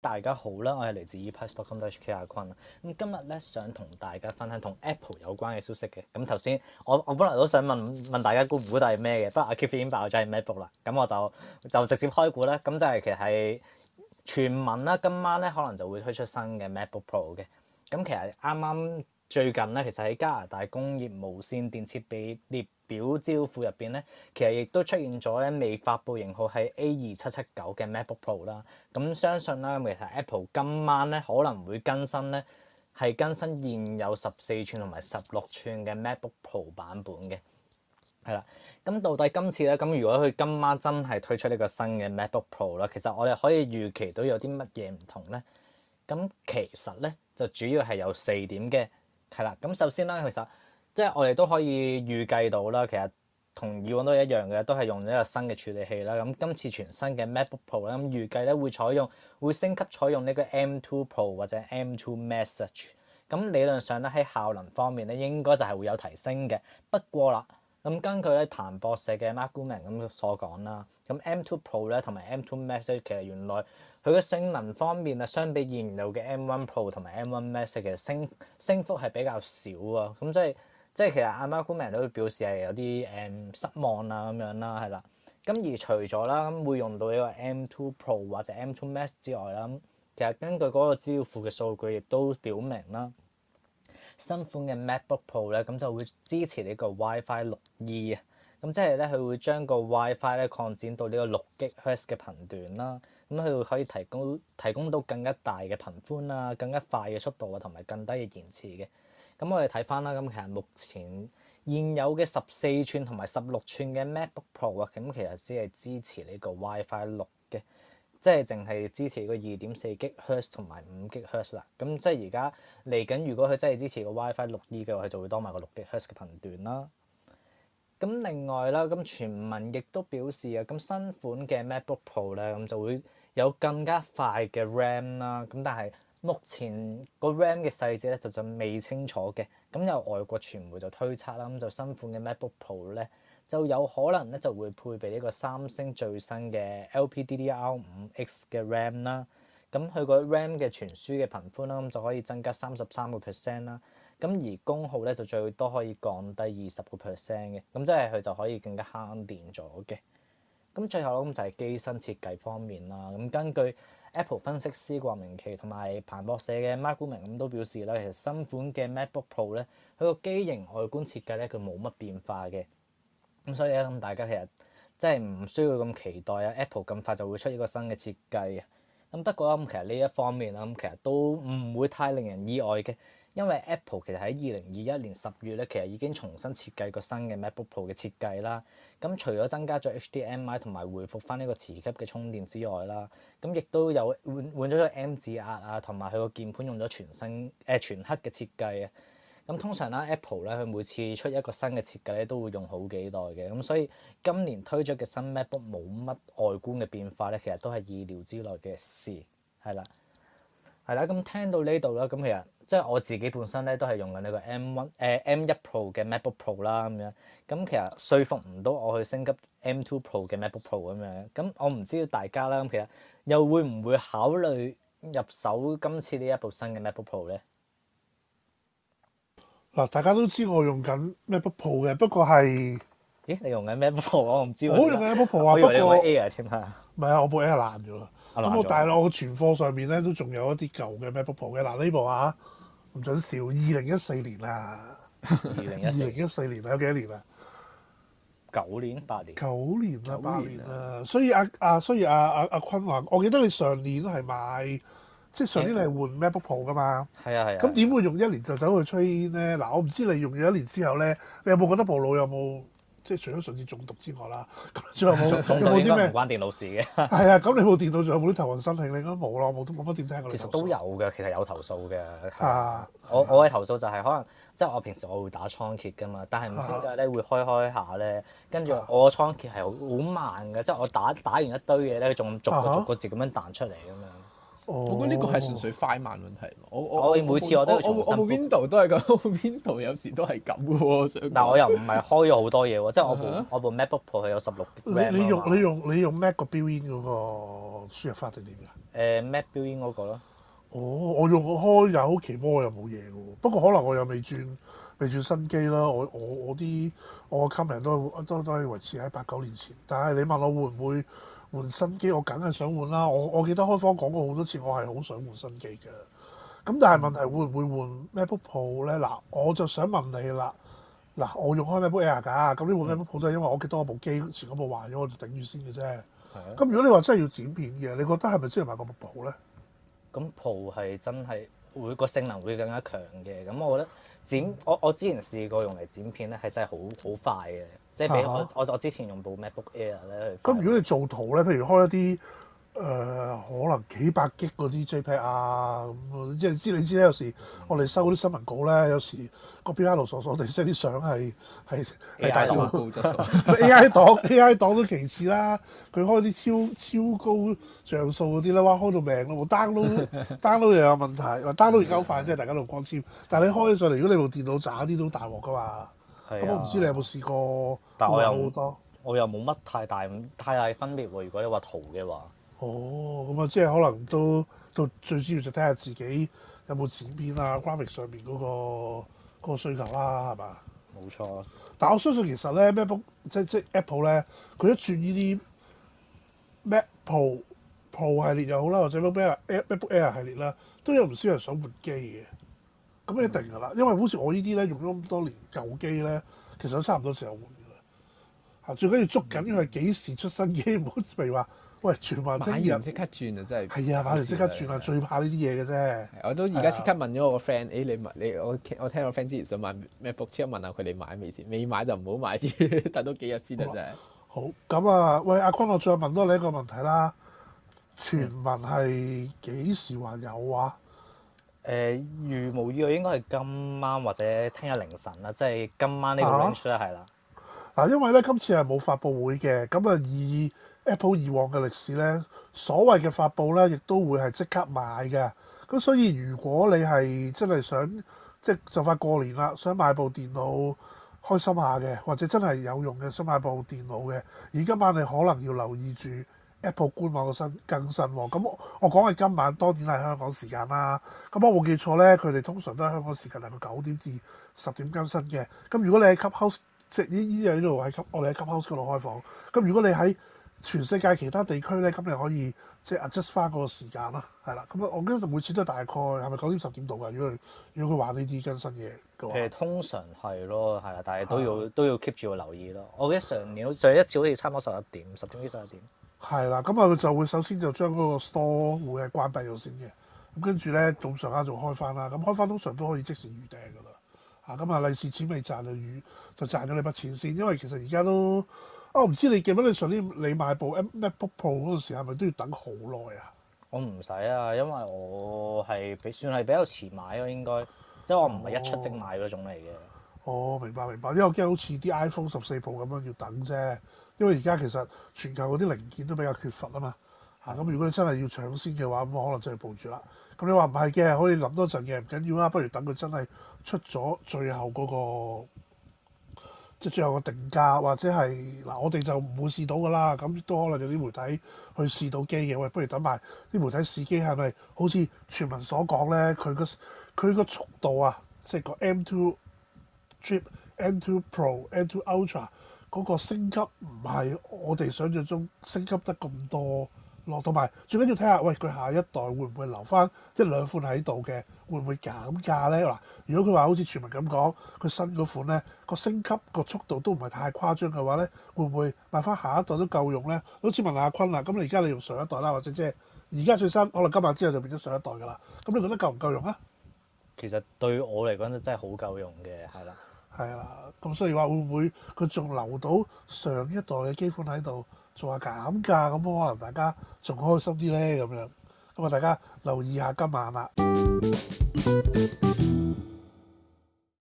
大家好啦，我係嚟自 ePrice.com.hk 阿坤，咁今日咧想同大家分享同 Apple 有關嘅消息嘅。咁頭先我我本來都想問問大家估唔估到係咩嘅，不過阿 Kitty 已經爆咗係 MacBook 啦，咁我就我就，就直接開估啦。咁就係其實係傳聞啦，今晚咧可能就會推出新嘅 MacBook Pro 嘅。咁其實啱啱。最近咧，其實喺加拿大工業無線電設備列表招庫入邊咧，其實亦都出現咗咧未發佈型號係 A 二七七九嘅 MacBook Pro 啦。咁相信咧，其實 Apple 今晚咧可能會更新咧，係更新現有十四寸同埋十六寸嘅 MacBook Pro 版本嘅係啦。咁到底今次咧，咁如果佢今晚真係推出呢個新嘅 MacBook Pro 啦，其實我哋可以預期到有啲乜嘢唔同咧？咁其實咧就主要係有四點嘅。係啦，咁首先啦，其實即係我哋都可以預計到啦，其實同以往都一樣嘅，都係用咗一個新嘅處理器啦。咁今次全新嘅 MacBook Pro 咧，咁預計咧會採用會升級採用呢個 M2 Pro 或者 M2 Max。咁理論上咧喺效能方面咧應該就係會有提升嘅。不過啦，咁根據咧彭博社嘅 Mark Gurman 咁所講啦，咁 M2 Pro 咧同埋 M2 Max 其實原來，佢嘅性能方面啊，相比現有嘅 M One Pro 同埋 M One Max 嘅升升幅係比較少啊。咁即係，即係其實阿 Mark m 都表示係有啲誒、嗯、失望啊，咁樣啦，係啦。咁而除咗啦，咁會用到呢個 M Two Pro 或者 M Two Max 之外啦，咁其實根據嗰個資料庫嘅數據，亦都表明啦，新款嘅 MacBook Pro 咧，咁就會支持呢個 WiFi 六 E 啊。咁、e，即係咧，佢會將個 WiFi 咧擴展到呢個六 g 吉赫嘅頻段啦。咁佢可以提供提供到更加大嘅頻寬啦，更加快嘅速度啊，同埋更低嘅延遲嘅。咁我哋睇返啦，咁其實目前現有嘅十四寸同埋十六寸嘅 MacBook Pro 啊，咁其實只係支持呢個 WiFi 六嘅，即係淨係支持個二點四 GHz 同埋五 GHz 啦。咁即係而家嚟緊，如果佢真係支持個 WiFi 六 E 嘅話，佢就會多埋個六 GHz 嘅頻段啦。咁另外啦，咁傳聞亦都表示啊，咁新款嘅 MacBook Pro 咧，咁就會有更加快嘅 RAM 啦，咁但係目前個 RAM 嘅細節咧就仲未清楚嘅，咁有外國傳媒就推測啦，咁就新款嘅 MacBook Pro 咧就有可能咧就會配備呢個三星最新嘅 LPDDR5X 嘅 RAM 啦，咁佢個 RAM 嘅傳輸嘅頻寬啦，咁就可以增加三十三個 percent 啦，咁而功耗咧就最多可以降低二十個 percent 嘅，咁即係佢就可以更加慳電咗嘅。咁最後咯，咁就係機身設計方面啦。咁根據 Apple 分析師郭明錤同埋彭博社嘅 Mark Gurman 咁都表示啦，其實新款嘅 MacBook Pro 咧，佢個機型外觀設計咧，佢冇乜變化嘅。咁所以咧，咁大家其實真係唔需要咁期待啊！Apple 咁快就會出一個新嘅設計啊。咁不過咧，咁其實呢一方面啦，咁其實都唔會太令人意外嘅。因為 Apple 其實喺二零二一年十月咧，其實已經重新設計個新嘅 MacBook Pro 嘅設計啦。咁除咗增加咗 HDMI 同埋回復返呢個磁吸嘅充電之外啦，咁亦都有換換咗個 M 字壓啊，同埋佢個鍵盤用咗全新誒、呃、全黑嘅設計啊。咁通常啦，Apple 咧佢每次出一個新嘅設計咧，都會用好幾代嘅。咁所以今年推出嘅新 MacBook 冇乜外觀嘅變化咧，其實都係意料之內嘅事，係啦。係啦，咁聽到呢度啦，咁其實即係我自己本身咧，都係用緊呢個 M1，誒 M1 Pro 嘅 MacBook Pro 啦，咁樣，咁其實說服唔到我去升級 M2 Pro 嘅 MacBook Pro 咁樣，咁我唔知道大家啦，咁其實又會唔會考慮入手今次呢一部新嘅 MacBook Pro 咧？嗱，大家都知我用緊 MacBook Pro 嘅，不過係。咦，你用緊 MacBook Pro？我唔知喎。我好、啊、用 MacBook Pro 過啊，不過 Air 添吓。唔係啊，我部 Air 爛咗啦。咁了但係我存貨上面咧都仲有一啲舊嘅 MacBook Pro 嘅。嗱呢部啊，唔准笑，二零一四年啦。二零一四，年有幾多年啊？九 年？八年？九年啦，八年啦、啊。所以啊，阿，所以啊，阿阿坤話，我記得你上年係買，即係上年你係換 MacBook Pro 嘅嘛？係啊係啊。咁點會用一年就走去吹煙咧？嗱、 嗯，我唔知你用咗一年之後咧，你有冇覺得部腦有冇？即係除咗上次中毒之外啦，咁仲有冇中冇啲咩唔關電腦事嘅？係 啊，咁你部電腦仲有冇啲頭暈身㷫？你應該冇啦，冇冇乜點聽過。其實都有嘅，其實有投訴嘅。啊、我、啊、我嘅投訴就係、是、可能即係、就是、我平時我會打倉頡㗎嘛，但係唔知點解咧會開開下咧，跟住我個倉頡係好慢嘅，啊、即係我打打完一堆嘢咧，仲逐個逐個字咁樣彈出嚟咁樣。啊。哦、我覺得呢個係純粹快慢問題。我我，我每次我都我，我，我 Window 都係咁，Window 有時都係咁喎。我想但我又唔係開咗好多嘢喎， 即係我部 我部 MacBook Pro 佢有十六 G RAM。你用的你用的你用個、呃、Mac、嗰個標音嗰個輸入法定點㗎？誒 Mac 標音嗰個咯。哦，我用開有我開又奇我又冇嘢嘅喎，不過可能我又未轉未轉新機啦。我我我啲我 comment 都都都係維持喺八九年前。但係你問我會唔會？換新機我梗係想換啦，我我記得開方講過好多次，我係好想換新機嘅。咁但係問題會唔會換 MacBook Pro 咧？嗱，我就想問你啦。嗱，我用開 MacBook Air 㗎，咁你部 MacBook Pro 都係因為我記得我部機前嗰部壞咗，我頂住先嘅啫。咁、啊、如果你話真係要剪片嘅，你覺得係咪、嗯嗯、真係買個 Pro 咧？咁 Pro 係真係會個性能會更加強嘅。咁我覺得剪我我之前試過用嚟剪片咧，係真係好好快嘅。即係我，我、啊、我之前用部 MacBook Air 咧，咁如果你做圖咧，譬如開一啲誒、呃、可能幾百 G 嗰啲 JPEG 啊咁，即係知你知咧，有時我哋收嗰啲新聞稿咧，有時個編輯佬傻傻地，即係啲相係係係大 AI 數。 A I 檔 A I 檔都其次啦，佢開啲超超高像素嗰啲啦，哇開到命咯，download download 又有問題，話 download 而家好快，即係大家度光纖，但係你開起上嚟，如果你部電腦渣啲都大鑊噶嘛。咁、嗯、我唔知你有冇試過，但我有好多，我又冇乜太大太大分別喎。如果你話圖嘅話，哦，咁啊，即係可能都都最主要就睇下自己有冇剪片啊、graphic 上邊嗰個嗰個需求啦，係嘛？冇錯，但我相信其實咧，MacBook 即係即係 Apple 咧，佢一轉呢啲 MacBook Pro, Pro 系列又好啦，或者咩 MacBook Air 系列啦，都有唔少人想換機嘅。咁、嗯、一定噶啦，因為好似我呢啲咧用咗咁多年舊機咧，其實都差唔多時候換噶啦。嚇，最緊要捉緊佢係幾時出新機，唔好未話，喂，全民買完即刻轉啊！真係。係啊，買完即刻轉啊，嗯、最怕呢啲嘢嘅啫。我都而家即刻問咗我個 friend，誒，你問你我我聽我 friend 之前想買 MacBook，問下佢你買未先？未買就唔 好買先，等多幾日先得啫。好，咁啊、嗯嗯，喂阿坤，我再問多你一個問題啦。傳聞係幾時話有啊？誒，如無意外應該係今晚或者聽日凌晨啦，即係今晚呢條 range 係啦。嗱、啊的啊，因為咧今次係冇發佈會嘅，咁啊以 Apple 以往嘅歷史咧，所謂嘅發佈咧，亦都會係即刻買嘅。咁所以如果你係真係想，即係就快過年啦，想買部電腦開心下嘅，或者真係有用嘅，想買部電腦嘅，而今晚你可能要留意住 Apple 官網嘅新更新喎，咁我講係今晚，當然係香港時間啦。咁我冇記錯咧，佢哋通常都喺香港時間嚟到九點至十點更新嘅。咁如果你係吸 house，即係依依樣喺度，係我哋喺吸 house 嗰度開房。咁如果你喺全世界其他地區咧，咁你可以即係 adjust 翻個時間啦。係啦，咁啊，我記得每次都大概係咪九點十點到㗎？如果如果佢玩呢啲更新嘢嘅，其實通常係咯，係啊，但係都要都要 keep 住去留意咯。我記得上年上一次好似差唔多十一點，十點幾十一點。係啦，咁啊，佢就會首先就將嗰個 Store 會係關閉咗先嘅，咁跟住咧早上間仲開翻啦，咁開翻通常都可以即時預訂㗎啦。啊，咁啊利是錢未賺啊，預就賺咗你筆錢先，因為其實而家都。啊我唔知你記唔記得你上年你買部 MacBook Pro 嗰陣時係咪都要等好耐啊？我唔使啊，因為我係比算係比較遲買咯，應該即係我唔係一出即買嗰種嚟嘅。哦。哦，明白明白，因為我驚好似啲 iPhone 十四 Pro 咁樣要等啫。因為而家其實全球嗰啲零件都比較缺乏啊嘛，啊咁如果你真係要搶先嘅話，咁可能就係佈住啦。咁你話唔係嘅，可以諗多陣嘅，唔緊要啦。不如等佢真係出咗最後嗰、嗰個，即係最後個定價，或者係嗱，我哋就唔會試到噶啦。咁都可能有啲媒體去試到機嘅。喂，不如等埋啲媒體試機，係咪好似傳聞所講咧？佢個佢個速度啊，即係個 M2 chip M2 Pro、M2 Ultra。嗰個升級唔係我哋想象中升級得咁多咯，同埋最緊要睇下，喂，佢下一代會唔會留翻一兩款喺度嘅，會唔會減價咧？嗱，如果佢話好似傳聞咁講，佢新嗰款咧個升級個速度都唔係太誇張嘅話咧，會唔會買翻下一代都夠用咧？好似問，問阿坤啊，咁而家你用上一代啦，或者即係而家最新，可能今日之後就變咗上一代噶啦，咁你覺得夠唔夠用啊？其實對我嚟講真係好夠用嘅，係啦。係啦，咁所以話會唔會佢仲留到上一代嘅機款喺度做下減價咁？可能大家仲開心啲呢。咁樣，咁啊大家留意下今晚啦。